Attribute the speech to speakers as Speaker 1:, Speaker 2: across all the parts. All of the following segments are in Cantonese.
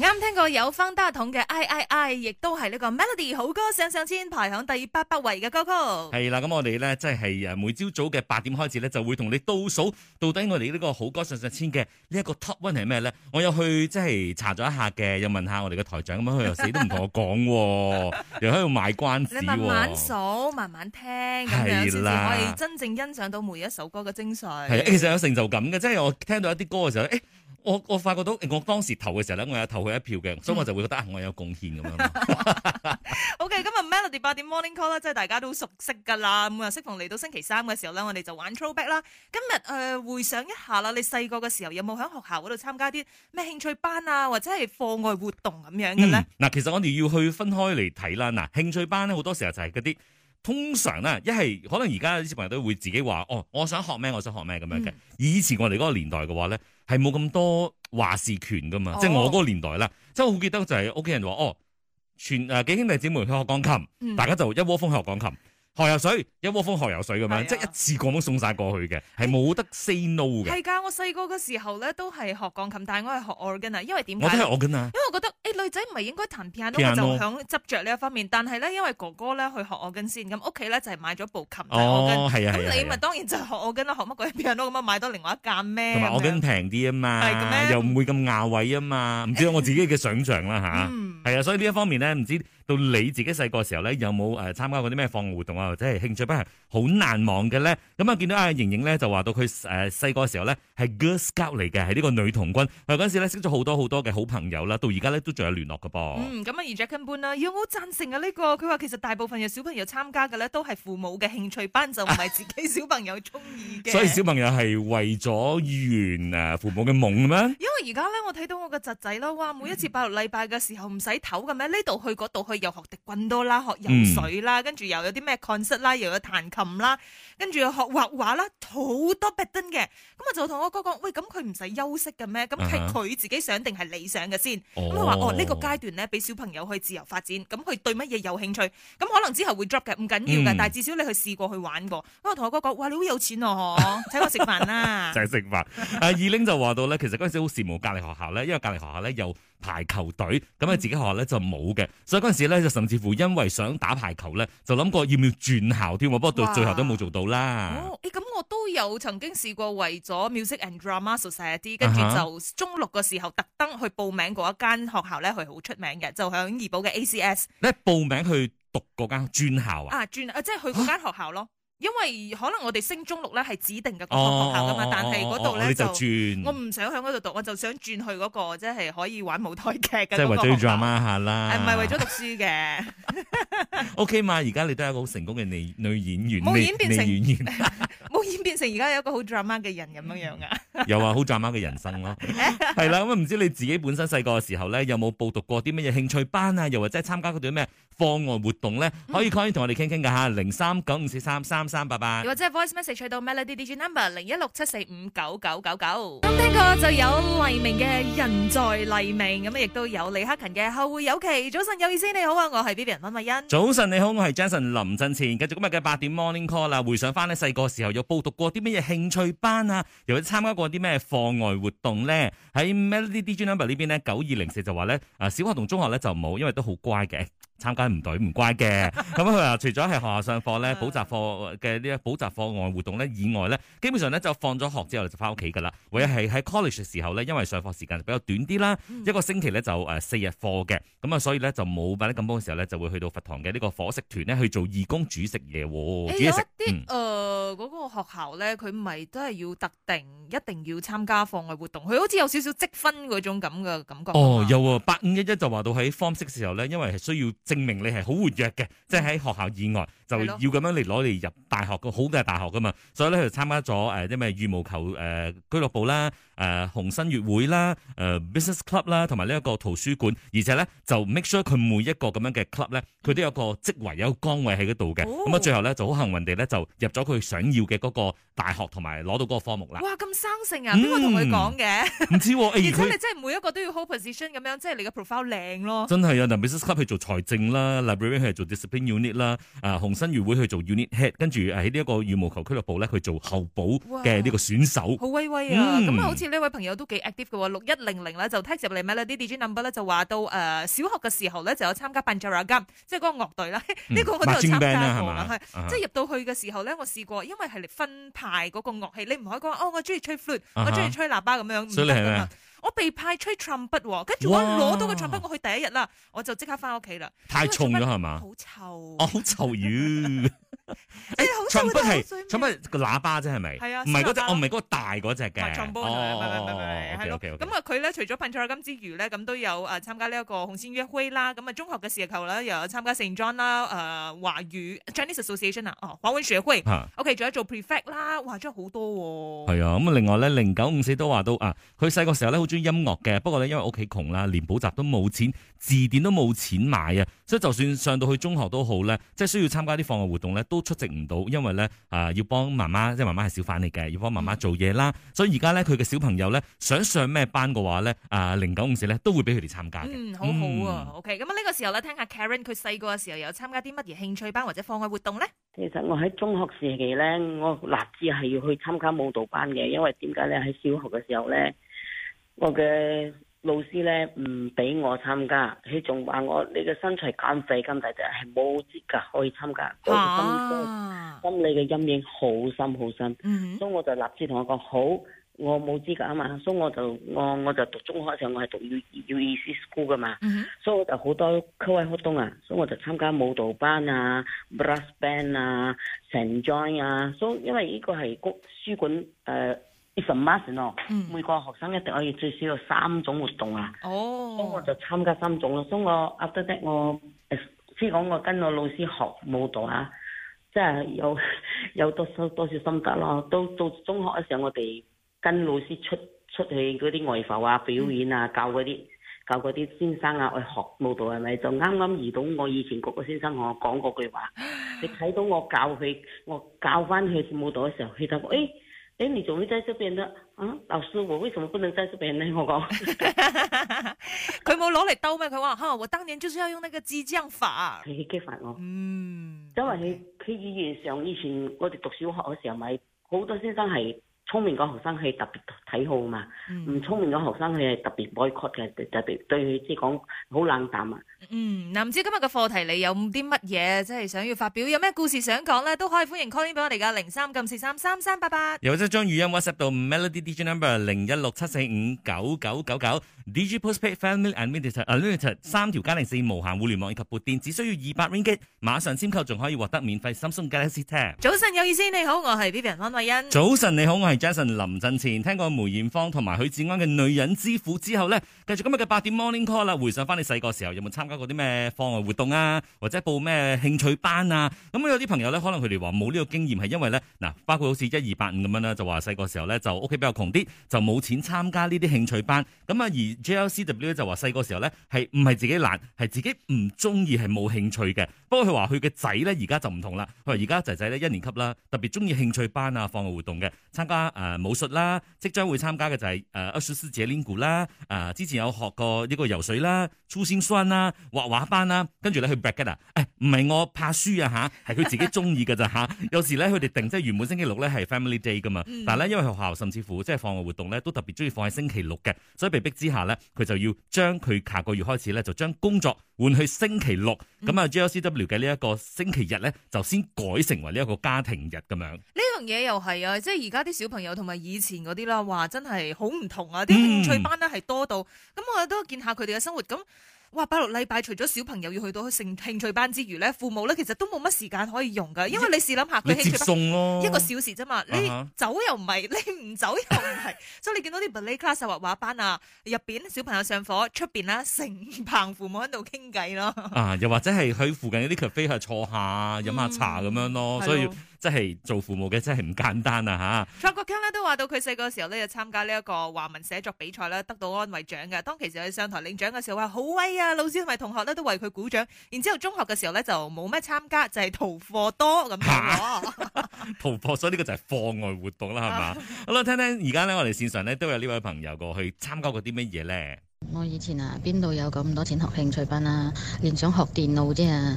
Speaker 1: 啱聽過有方大同嘅 I I I，亦都係呢個 melody 好歌上上千排行第八百位嘅歌曲。
Speaker 2: 係啦，咁我哋咧即係誒，每朝早嘅八點開始咧，就會同你倒數到底我哋呢個好歌上上千嘅呢一個 top one 係咩咧？我有去即係查咗一下嘅，又問下我哋嘅台長咁樣，佢又 死都唔同我講， 又喺度賣關子。你慢慢
Speaker 1: 數，慢慢聽，咁樣先至可以真正欣賞到每一首歌嘅精髓。係啊，其
Speaker 2: 實有成就感嘅，即係我聽到一啲歌嘅時候，誒、欸。我我發覺到，我當時投嘅時候咧，我有投佢一票嘅，嗯、所以我就會覺得我有貢獻咁樣。
Speaker 1: o、okay, k 今日 Melody 八點 Morning Call 啦，即係大家都熟悉噶啦。咁啊，適逢嚟到星期三嘅時候咧，我哋就玩 Throwback 啦。今日誒、呃，回想一下啦，你細個嘅時候有冇喺學校嗰度參加啲咩興趣班啊，或者係課外活動咁樣嘅咧？
Speaker 2: 嗱、嗯，其實我哋要去分開嚟睇啦。嗱、嗯，興趣班咧，好多時候就係嗰啲通常咧，一係可能而家啲小朋友都會自己話，哦，我想學咩，我想學咩咁樣嘅。嗯、以前我哋嗰個年代嘅話咧。係冇咁多話事權㗎嘛，哦、即係我個年代啦，即係我好記得就係屋企人話哦，全誒、呃、幾兄弟姊妹去學鋼琴，嗯、大家就一窩蜂去學鋼琴。學游水，一窩蜂學游水咁樣，即係一次過咁送晒過去嘅，係冇得 say no 嘅。係噶，
Speaker 1: 我細個嘅時候咧，都係學鋼琴，但係我係學 organ 啊，因為點解？我都係 organ 啊。因為我覺得誒，女仔唔係應該彈 piano，就響執着呢一方面。但係咧，因為哥哥咧去學 organ 先，咁屋企咧就係買咗部琴。哦，係啊。咁你咪當然就學 organ 啦，學乜鬼 piano 咁啊？
Speaker 2: 買多另外一間咩？同埋 organ 平啲啊嘛，又唔會咁拗位啊嘛。唔知我自己嘅想象啦吓，係啊，所以呢一方面咧，唔知。到你自己細個時候咧，有冇誒參加過啲咩放學活動啊，或者係興趣班係好難忘嘅咧？咁啊，見到阿盈盈咧就話到佢誒細個時候咧係 Girl Scout 嚟嘅，係呢個女童軍。佢嗰陣時咧識咗好多好多嘅好朋友啦，到而家咧都仲有聯絡㗎噃。嗯，
Speaker 1: 咁啊，而 Jackson 搬啦，有冇贊成啊？呢個佢話其實大部分嘅小朋友參加嘅咧都係父母嘅興趣班，就唔係自己小朋友中意嘅。所以小
Speaker 2: 朋友係為咗圓啊父母嘅夢嘅咩？
Speaker 1: 因為而家咧我睇到我個侄仔啦，哇！每一次拜六禮拜嘅時候唔使唞噉？呢度去嗰度去。又學踢棍多啦，學游水啦、嗯，跟住又有啲咩 concert 啦，又有彈琴啦，跟住又學畫畫啦，好多 baden 嘅。咁我就同我哥講：，喂，咁佢唔使休息嘅咩？咁係佢自己想定係你想嘅先？咁佢話：，哦，這個、階呢個階段咧，俾小朋友去自由發展。咁佢對乜嘢有興趣？咁可能之後會 job 嘅，唔緊要嘅。嗯、但係至少你去試過去玩過。咁我同我哥講：，哇，你好有錢哦、啊，嗬， 請我食飯啦。 uh, e、就係
Speaker 2: 食飯。阿二零就話到咧，其實嗰陣時好羨慕隔籬學校咧，因為隔籬學校咧又。排球隊，咁喺自己學校咧就冇嘅，所以嗰陣時咧就甚至乎因為想打排球咧，就諗過要唔要轉校添，不過到最後都冇做到啦。
Speaker 1: 哦，你、欸、咁我都有曾經試過為咗 Music and Drama Society，跟住就中六嘅時候特登去報名嗰一間學校咧，佢好出名嘅，就響怡保嘅 ACS。
Speaker 2: 你報名去讀嗰間專校啊？
Speaker 1: 啊，轉啊，即係去嗰間學校咯。啊因為可能我哋升中六咧，係指定嘅嗰所學校噶嘛，但係嗰度咧就轉，我唔想響嗰度讀，我就想轉去嗰個即係可以玩舞台劇嘅。即係為咗 drama
Speaker 2: 下啦，係唔係為咗讀書嘅？O K 嘛，而家你都係一個好成功嘅女演員，冇演變成演員，
Speaker 1: 冇演變成而家有一個好 drama 嘅人咁樣樣噶。又
Speaker 2: 話好 drama 嘅人生咯，係啦。咁啊唔知你自己本身細個嘅時候咧，有冇報讀過啲咩嘢興趣班啊？又或者係參加嗰啲咩課外活動咧？可以可以同我哋傾傾噶吓，零三九五四三三三拜拜，或
Speaker 1: 者係 voice message 去到 melodydj number 零一六七四五九九九九。咁聽過就有黎明嘅人在黎明，咁亦都有李克勤嘅後會有期。早晨有意思，你好啊，我係 B B 人溫慧欣。
Speaker 2: 早晨你好，我係 Jason 林振前。繼續今日嘅八點 morning call 啦，回想翻咧細個時候有報讀過啲咩嘢興趣班啊，又或者參加過啲咩課外活動咧？喺 melodydj number 呢邊咧九二零四就話咧，啊小學同中學咧就冇，因為都好乖嘅。參加唔對唔乖嘅，咁佢話除咗係學校上課咧、補習課嘅呢、補習課外活動咧以外咧，基本上咧就放咗學之後就翻屋企㗎啦。或者係喺 college 嘅時候咧，因為上課時間比較短啲啦，一個星期咧就誒四日課嘅，咁啊所以咧就冇喺咁多嘅時候咧就會去到佛堂嘅呢個伙食團咧去做義工煮食嘢自己食。有一啲
Speaker 1: 誒嗰個學校咧，佢咪都係要特定一定要參加課外活動，佢好似有少少積分嗰種咁嘅感覺。哦，
Speaker 2: 有啊，八五一一就話到喺 form 四嘅時候咧，因為係需要。證明你係好活躍嘅，即係喺學校以外就要咁樣嚟攞嚟入大學個好嘅大學㗎嘛，所以咧佢就參加咗誒啲咩羽毛球誒俱、呃、樂部啦，誒、呃、紅新月會啦，誒、呃、business club 啦，同埋呢一個圖書館，而且咧就 make sure 佢每一個咁樣嘅 club 咧，佢都有個職位有個崗位喺嗰度嘅，咁啊最後咧就好幸運地咧就入咗佢想要嘅嗰個大學，同埋攞到嗰個科目啦。哇，
Speaker 1: 咁生性啊，邊個同佢
Speaker 2: 講嘅？唔、嗯、知，哎、而且真他你真
Speaker 1: 係每一個都要 hold position 咁樣，即係你個 profile 靚咯。真係
Speaker 2: 啊，嗱 business club 去做財政。啦，library 係做 discipline unit 啦，啊，洪新余會去做 unit head，跟住喺呢一個羽毛球俱樂部咧去做候補嘅呢個選手。好
Speaker 1: 威威啊！咁啊，好似呢位朋友都幾 active 嘅，六一零零咧就 text 入嚟，my little DJ number 咧就話到誒，小學嘅時候咧就有參加 bandera 咁，即係嗰個樂隊啦。呢個我都有參加過啦，
Speaker 3: 係即係
Speaker 1: 入到去嘅時候咧，我試過，因為係嚟分派嗰個樂器，你唔可以講哦，我中意吹 flute，我中意吹喇叭咁樣。所以係咩啊？我被派出創筆，跟住，我攞到個創筆，我去第一日啦，我就即刻翻屋企啦。
Speaker 2: 太重啦係嘛？好臭，啊，好臭魚。即係長波係長波個喇叭啫係咪？係啊，唔係嗰隻，我唔係嗰個大嗰隻嘅。咁
Speaker 1: 啊，佢咧除咗噴錯金之餘咧，咁都有誒參加呢一個紅新月會啦。咁啊，中學嘅時候咧又有參加聖約翰啦，誒華語 Chinese Association 啊，哦華文學會。吓，OK 仲有做 prefect 啦，哇，真係好多。係
Speaker 2: 啊，咁啊，另外咧零九五四都話到啊，佢細個時候咧好中意音樂嘅，不過咧因為屋企窮啦，連補習都冇錢，字典都冇錢買啊，所以就算上到去中學都好咧，即係需要參加啲課外活動咧都。出席唔到，因為咧啊，要幫媽媽，即係媽媽係小販嚟嘅，要幫媽媽做嘢啦，所以而家咧佢嘅小朋友咧想上咩班嘅話咧啊，零九五時咧都會俾佢哋參加。嗯，
Speaker 1: 好好啊，OK，咁啊呢個時候咧，聽下 Karen 佢細個嘅時候有參加啲乜嘢興趣班或者課外活動咧？
Speaker 3: 其實我喺中學時期咧，我立志係要去參加舞蹈班嘅，因為點解咧？喺小學嘅時候咧，我嘅。老師咧唔俾我參加，佢仲話我，你嘅身材減肥咁大隻係冇資格可以參加，所以心心、啊、心理嘅陰影好深好深，所以、嗯哼 so、我就立即同我講好，我冇資格啊嘛，所、so、以我就我我就讀中學時候我係讀 U U S S School 噶嘛，所以、嗯哼 so、我就好多課外活動啊，所以我就參加舞蹈班啊，Brass Band 啊成 John 啊，所、so、以因為呢個係公書館誒。呃二十五咯，s mm. 每個學生一定可以最少有三種活動啊。中、oh. 我就參加三種咯，中學啊得得我，即係講我跟我老師學舞蹈啊，即係有有多多多少心得咯。到到中學嘅時候，我哋跟老師出出去嗰啲外埠啊表演啊，教嗰啲教嗰啲先生啊去學舞蹈係咪？就啱啱遇到我以前嗰個先生我講嗰句話， 你睇到我教佢，我教翻佢舞蹈嘅時候，佢就誒。哎誒，你點會在這邊的？啊，老師，我為什麼不能在這邊呢？我講，
Speaker 1: 佢冇攞嚟兜咩？佢話，哈，我當年就是要用那個激將法，
Speaker 3: 佢去激發我，嗯，因為佢佢以前上以前我哋讀小學嘅時候咪，好多先生係。聰明個學生係特別睇好嘛，唔聰明個學生佢係特別 boycott 嘅，特別對佢即係講好冷淡啊。
Speaker 1: 嗯，嗱唔知今日個課題你有啲乜嘢，即係想要發表，有咩故事想講咧，都可以歡迎 call in 俾我哋㗎零三咁四三三三八八。又
Speaker 2: 或者將語音 WhatsApp 到 Melody Digi Number 零一六七四五九九九九 Digi Postpaid Family Unlimited Unlimited 三條加零四無限互聯網以及撥電只需要二百 Ringgit，馬上簽購仲可以獲得免費 Samsung Galaxy Tab。
Speaker 1: 早晨有意思，你好，我係 Vivian 安慧欣。
Speaker 2: 早晨你好，我係。Jason 林振前聽過梅艷芳同埋許志安嘅《女人之苦》之後呢，繼續今日嘅八點 Morning Call 啦，回想翻你細個時候有冇參加過啲咩課外活動啊，或者報咩興趣班啊？咁有啲朋友呢，可能佢哋話冇呢個經驗，係因為呢，嗱，包括好似一二八五咁樣啦，就話細個時候呢，就屋企比較窮啲，就冇錢參加呢啲興趣班。咁啊，而 JLCW 就話細個時候呢，係唔係自己懶，係自己唔中意係冇興趣嘅。不過佢話佢嘅仔呢，而家就唔同啦，佢話而家仔仔呢，一年級啦，特別中意興趣班啊、課外活動嘅參加。誒、呃，武術啦，即將會參加嘅就係、是、誒，阿舒斯姐 Linggu 啦，誒、啊，之前有學過呢個游水啦、粗先酸啦、畫畫班啦，跟住咧去 b a d g e 誒，唔、哎、係我怕輸啊吓，係佢自己中意嘅咋吓， 有時咧佢哋定即係原本星期六咧係 family day 噶嘛，但係咧因為學校甚至乎即係課外活動咧都特別中意放喺星期六嘅，所以被逼之下咧，佢就要將佢下個月開始咧就將工作。換去星期六，咁啊 JOCW 嘅呢一個星期日咧，就先改成為呢一個家庭日咁樣。
Speaker 1: 呢樣嘢又係啊，即係而家啲小朋友同埋以前嗰啲啦，哇真係好唔同啊！啲興趣班咧係多到，咁、嗯、我哋都見下佢哋嘅生活咁。哇！八六禮拜除咗小朋友要去到性興趣班之餘咧，父母咧其實都冇乜時間可以用噶，因為你試諗下、嗯，你接送咯、啊，一個小時啫嘛，uh huh。你走又唔係，你唔走又唔係， 所以你見到啲芭蕾 class、畫畫班啊，入邊小朋友上課，出邊啦成棚父母喺度傾偈咯。啊！
Speaker 2: 又或者係去附近啲 cafe 坐下飲下茶咁、嗯、樣咯，的所以。即係做父母嘅真係唔簡單啊！吓 Trump、
Speaker 1: 啊，蔡國強咧都話到佢細個時候咧就參加呢一個華文寫作比賽啦，得到安慰獎嘅。當其時佢上台領獎嘅時候，話好威啊！老師同埋同學咧都為佢鼓掌。然之後中學嘅時候咧就冇咩參加，就係、是、逃課
Speaker 3: 多咁。我
Speaker 2: 逃課，所以呢個就係課外活動啦，係嘛？ 好啦，聽聽而家咧，我哋線上咧都有呢位朋友過去參加過啲乜嘢咧？
Speaker 3: 我以前啊，邊度有咁多錢學興趣班啊？連想學電腦啫、啊，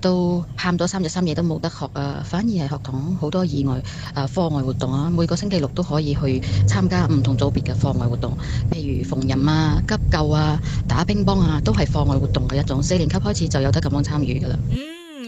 Speaker 3: 都喊咗三日三夜都冇得學啊！反而係學堂好多意外啊，課外活動啊，每個星期六都可以去參加唔同組別嘅課外活動，譬如縫紉啊、急救啊、打乒乓啊，都係課外活動嘅一種。四年級開始就有得咁樣參與㗎啦。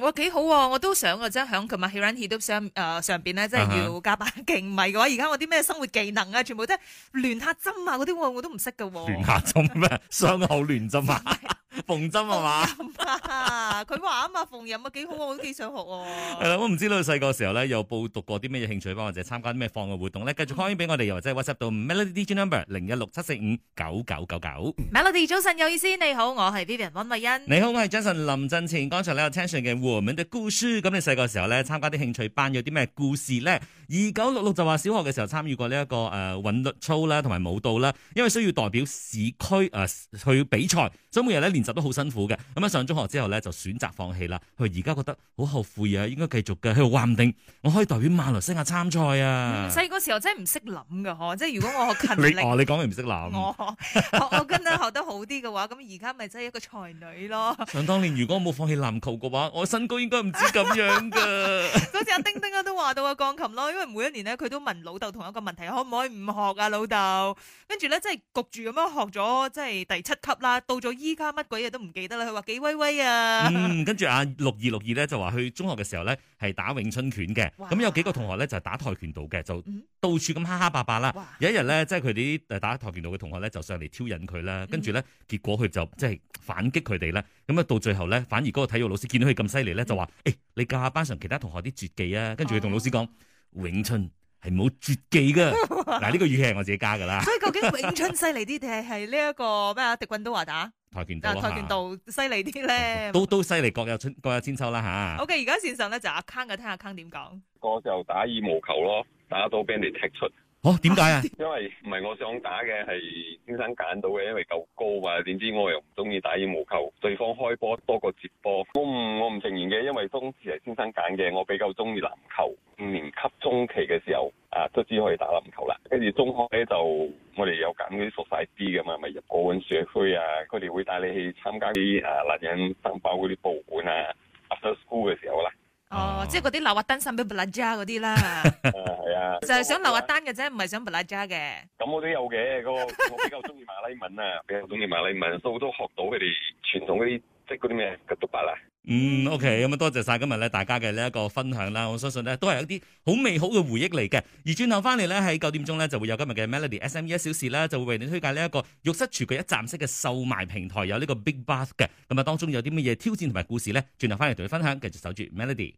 Speaker 1: 我幾好喎、啊！我都想啊，即係響琴買 hair a 上誒邊咧，即、呃、係要加把勁。唔係嘅話，而、huh. 家 我啲咩生活技能啊，全部都係亂下針啊嗰啲、啊，我都唔識嘅喎。亂下
Speaker 2: 針咩？ 傷口亂針啊！ 縫針啊 嘛，
Speaker 1: 佢話啊嘛縫人啊幾好，我都幾想
Speaker 2: 學、啊。係啦， 我唔知道你細個時候咧有報讀過啲咩嘢興趣班，或者參加啲咩課外活動咧？繼續 call 俾我哋，又或者 WhatsApp 到 Melody D Number 零一六七四五九九九九。
Speaker 1: Melody 早晨有意思，你好，我係 Vivian 溫慧欣。你
Speaker 2: 好，我係 Jason 林振前。剛才咧有聽上嘅和名的故事，咁你細個時候咧參加啲興趣班有啲咩故事咧？二九六六就話小學嘅時候參與過呢，這、一個誒韻、呃、律操啦，同埋舞蹈啦，因為需要代表市區誒、呃、去比賽，所以每日咧練習都好辛苦嘅。咁一上中學之後咧就選擇放棄啦。佢而家覺得好後悔啊，應該繼續嘅。佢話唔定我可以代表馬來西亞參賽啊！真係
Speaker 1: 嗰時候真係唔識諗噶嗬，即係如果我勤力， 你、哦、你講你唔識諗，我我跟得學得好啲嘅話，咁而家咪真係一個才女咯。想
Speaker 2: 當年如果我冇放棄籃球嘅話，我身高應該唔止咁樣噶。嗰
Speaker 1: 時阿丁丁都話到啊鋼琴咯。因為每一年咧，佢都問老豆同一個問題，可唔可以唔學啊？老豆，跟住咧，即係焗住咁樣學咗，即係第七級啦。到咗依家，乜鬼嘢都唔記得啦。佢話幾威威啊！嗯、
Speaker 2: 跟住阿六二六二咧，就話去中學嘅時候咧，係打詠春拳嘅。咁哇、嗯、有幾個同學咧就係、是、打跆拳道嘅，就到處咁蝦蝦霸霸啦。哇有一日咧，即係佢啲打跆拳道嘅同學咧就上嚟挑釁佢啦。跟住咧，結果佢就即係反擊佢哋咧。咁啊，到最後咧，反而嗰個體育老師見到佢咁犀利咧，就話：誒、欸，你教下班上其他同學啲絕技啊！跟住佢同老師講。.詠春係冇絕技噶，嗱呢、 這個語氣係我自己加噶啦。 所
Speaker 1: 以究竟詠春犀利啲定係係呢一、這個咩啊？迪棍都話打，
Speaker 2: 跆拳道，跆拳道
Speaker 1: 犀利啲咧。
Speaker 2: 都都犀利各有千各有千秋啦吓。
Speaker 1: O K，而家線上咧就阿坑嘅，聽阿坑點講。
Speaker 2: 個就打羽毛球咯，打到俾人哋踢出。哦，點解啊？因為唔係我想打嘅，係先生揀到嘅，因為夠高啊，點知我又唔中意打羽毛球，對方開波多過接波。嗯。我唔，我唔承認嘅，因為當時係先生揀嘅，
Speaker 3: 我比較中意籃球。五年級中期嘅時候，啊，都只可以打籃球啦。跟住中學咧就，我哋有揀啲熟晒啲嘅嘛，咪入個溫社區啊，佢哋會帶你去
Speaker 2: 參加啲誒、啊、男人生包嗰啲報館啊，After School 嘅時候啦。
Speaker 1: 哦，即係嗰啲留下單送俾布拉扎嗰啲啦，
Speaker 2: 係啊，就係想留下
Speaker 1: 單嘅啫，唔係想布拉扎
Speaker 2: 嘅。咁我都有嘅，個我比較中意馬拉文啊，比較中意馬拉文，所以我都學到佢哋傳
Speaker 3: 統嗰啲，即
Speaker 2: 係嗰啲咩嘅獨白啊。嗯，OK，咁啊多謝晒今日咧大家嘅呢一個分享啦，我相信咧都係一啲好美好嘅回憶嚟嘅。而轉頭翻嚟咧喺九點鐘咧就會有今日嘅 Melody SME 一小時啦，就會為你推介呢一個浴室廚具一站式嘅售賣平台有呢個 Big Bath 嘅。咁啊當中有啲乜嘢挑戰同埋故事咧？轉頭翻嚟同你分享，繼續守住 Melody。